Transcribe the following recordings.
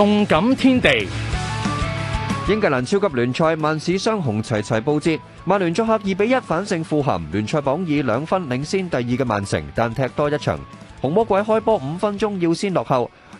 動感天地，英格蘭超級聯賽，曼市雙雄齊齊報捷，曼聯作客二比一反勝富咸，聯賽榜以兩分領先第二嘅曼城，但踢多一場，紅魔鬼開波五分鐘要先落後。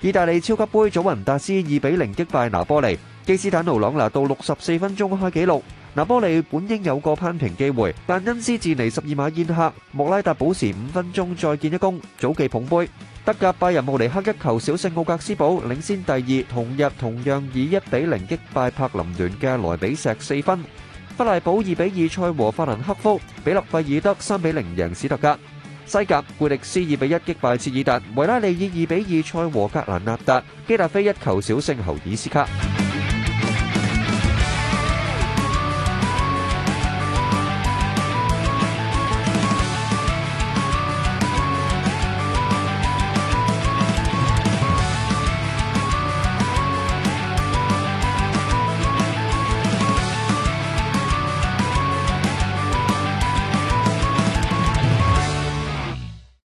意大利超級杯祖雲達斯二比零擊敗拿波利，基斯坦奴朗拿度六十四分鐘開紀錄。拿波利本應有個扳平機會，但恩斯治尼十二碼宴客，莫拉達補時五分鐘再建一功，祖記捧杯。德甲拜仁慕尼黑一球小勝奧格斯堡，領先第二。同日同樣以一比零擊敗柏林聯嘅萊比錫四分。弗萊堡二比二賽和法蘭克福，比勒費爾德三比零贏史特加。西甲，古力斯二比一擊敗切爾達；維拉利爾二比二賽和格蘭納達；基達菲一球小勝侯爾斯卡。